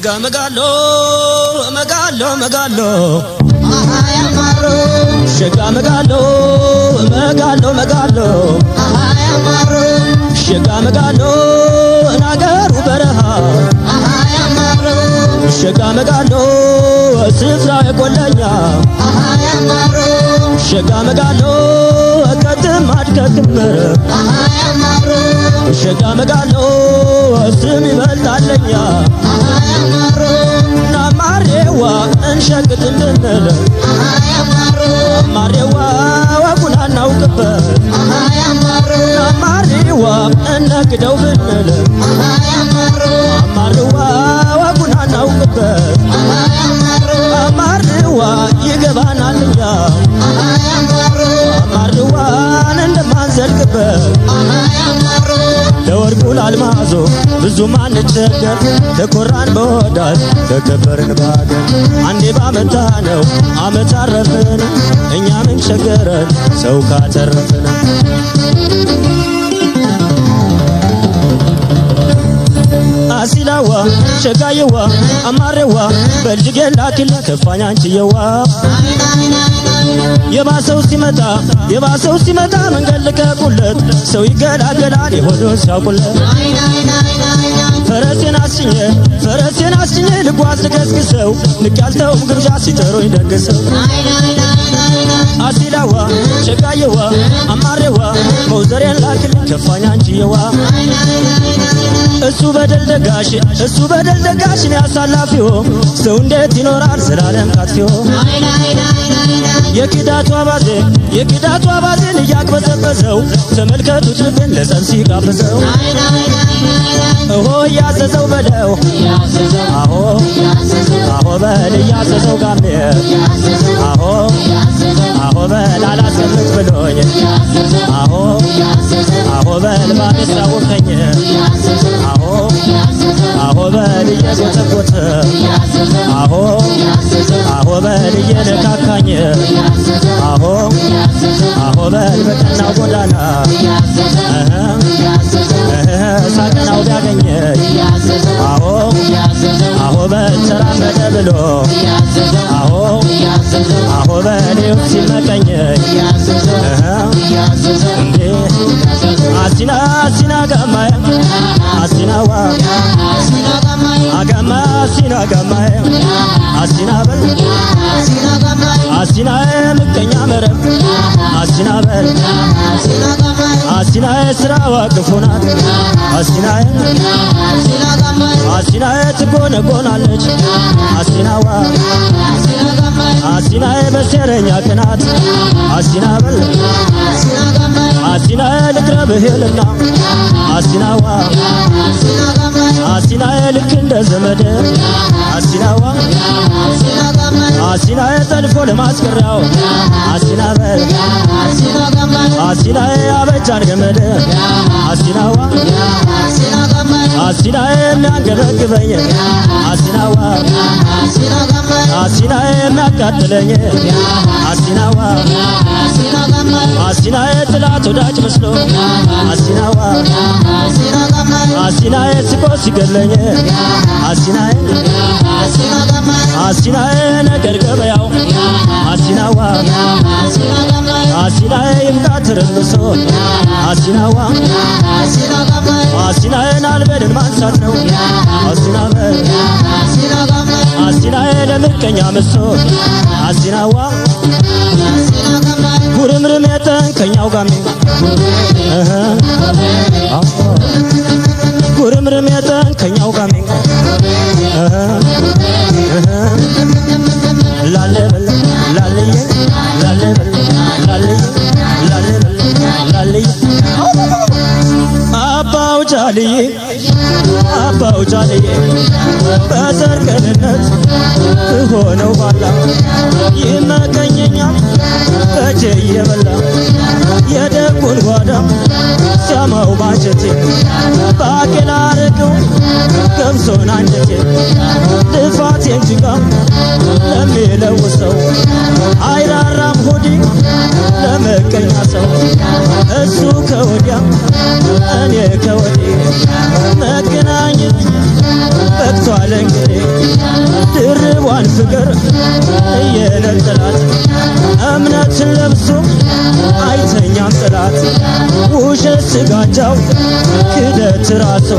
መጋ መጋሎ መጋሎ መጋሎ ያማሩ ሸጋ መጋሎ መጋሎ መጋሎ ያማሩ ሸጋ መጋሎ ናገሩ በረሃ ያማሩ ሸጋ መጋሎ ስፍራ የቆለኛ ያማሩ ሸጋ መጋሎ ከተማ ድከክምር ሸጋ ስም ይበልጣለኛ ቅድልንለ ማሬዋ ዋጉን አናውቅበት ማሪዋ እነግደው ብንለ ማሬዋ ዋጉን አናውቅበት ማሪዋ ይገባናል እኛ ማሬዋን እንደማንዘልቅበት ለወርቁ ላልማዞ ብዙም አንቸገር ተኮራን በወዳት ተከበርን ባገን አንዴ ባመታ ነው አመት አረፍን እኛ ምን ቸገረን ሰው ካተረፍን ሲላዋ ሸጋየዋ አማሬዋ በልጅጌ ላኪል ከፋኝ አንቺየዋ የባሰው ሲመጣ የባሰው ሲመጣ መንገድ ልቀቁለት ሰው ይገላገላል የሆዱን ሲያውቁለት ፈረሴን አስጭኜ ፈረሴን አስጭኜ ልጓዝ ልገስግሰው ንቅ ያልተውም ግብዣ ሲጠሩኝ ደግሰው አሲላዋ ሸቃየዋ አማሬዋ መውዘሬን ላክል ከፋኝ አንቺየዋ እሱ በደል ደጋሽ እሱ በደል ደጋሽ ነው ያሳላፊው ሰው እንዴት ይኖራል ዘላለም ካጥፊው የኪዳቱ አባዜ የኪዳቱ አባዜን እያቅበዘበዘው ተመልከቱት ልቤን ለጸንሲ ጋብዘው እሆ እያዘዘው በለው አሆ አሆ በል እያዘዘው ጋሜ ሲተኮት አሆ አሆ በል እየነካካኝ አሆ አሆ በል በቀናው ጎዳና ሳቀናው ቢያገኘኝ አሆ አሆ በል ተራመደ ብሎ አሆ አሆ በል ሲመቀኘኝ እንዴ አሲና አሲና ገማያ አሲና ጋማዬ አሲና በል አሲና ምቀኛ መረብ አሲና በል አሲና ስራ ዋቅፎናት አሲና አሲና ትጎነጎናለች አሲናዋ አሲና በሴረኛ ቅናት አሲና በል አሲና ልቅረብህልና አሲናዋ አሲና ልክ እንደ ዘመደ አሲናዋ አሲና የጠልፎ ለማስቀራው አሲና በል አሲና የአበጃን ገመድ አሲናዋ አሲና የሚያንገበግበኝ አሲናዋ አሲና የሚያቃጥለኝ አሲናዋ አሲና የጥላት ወዳጅ መስሎ አሲናዋ አሲና ስቆ ሲገለኝ አሲና አሲና ነገር ገበያው አሲናዋ አሲና ይምጣ ትርምሶ አሲናዋ አሲናዬን አልበልን ማንሳት ነው። አሲና ምቀኛ መሶ ምሶ አሲናዋ ጉርምርም የጠንከኛው ጋሜ ጉርምርም የጠንከኛው ጋሜ ጃልዬ አባው ጃልዬ በዘር ቅንነት እሆነው ባላ ይመቀኘኛል በጀ ቀምሶን አንጀቴ ልፋቴን ጭቃ ለሚለው ሰው አይራራም ሆዴ ለመቀኛ ሰው እሱ ከወዲያ እኔ ከወዴ መገናኝ በቅቷል እንግዲህ ድርቧን ፍቅር ጥላት! እምነትን ለብሶ አይተኛም ጥላት! ውሸት ስጋጃው ክደት ራሶ